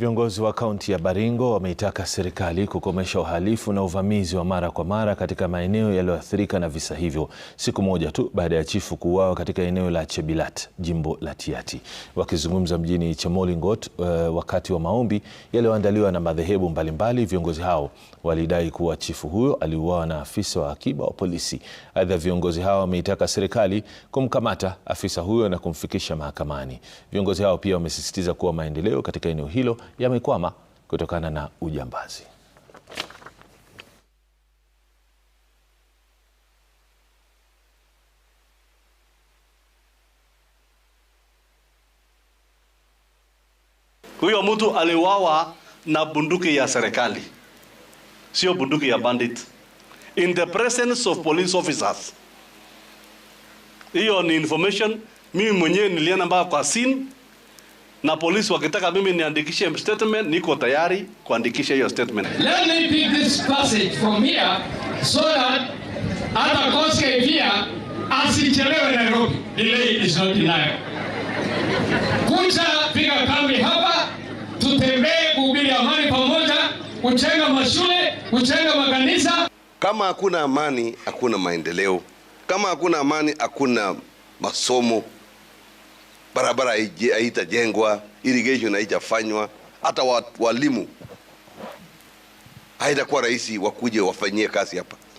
Viongozi wa kaunti ya Baringo wameitaka serikali kukomesha uhalifu na uvamizi wa mara kwa mara katika maeneo yaliyoathirika na visa hivyo, siku moja tu baada ya chifu kuuawa katika eneo la Chebilat, jimbo la Tiaty. Wakizungumza mjini Chemolingot uh, wakati wa maombi yaliyoandaliwa na madhehebu mbalimbali, viongozi hao walidai kuwa chifu huyo aliuawa na afisa wa akiba wa polisi. Aidha, viongozi hao wameitaka serikali kumkamata afisa huyo na kumfikisha mahakamani. Viongozi hao pia wamesisitiza kuwa maendeleo katika eneo hilo yamekwama kutokana na ujambazi. Huyo mtu aliwawa na bunduki ya serikali, sio bunduki ya bandit, in the presence of police officers. Hiyo ni information mimi mwenyewe nilienda mpaka kwa scene na polisi wakitaka mimi niandikishe statement, niko tayari kuandikisha hiyo statement. Let me pick this passage from here so that hata Koskei pia asichelewe Nairobi. Delay is not denial. Kuja piga kambi hapa, tutembee kuhubiri amani pamoja, kuchenga mashule, kuchenga makanisa. Kama hakuna amani, hakuna maendeleo. Kama hakuna amani, hakuna masomo barabara haitajengwa, irrigation haijafanywa, hata walimu haitakuwa rahisi wakuje wafanyie kazi hapa.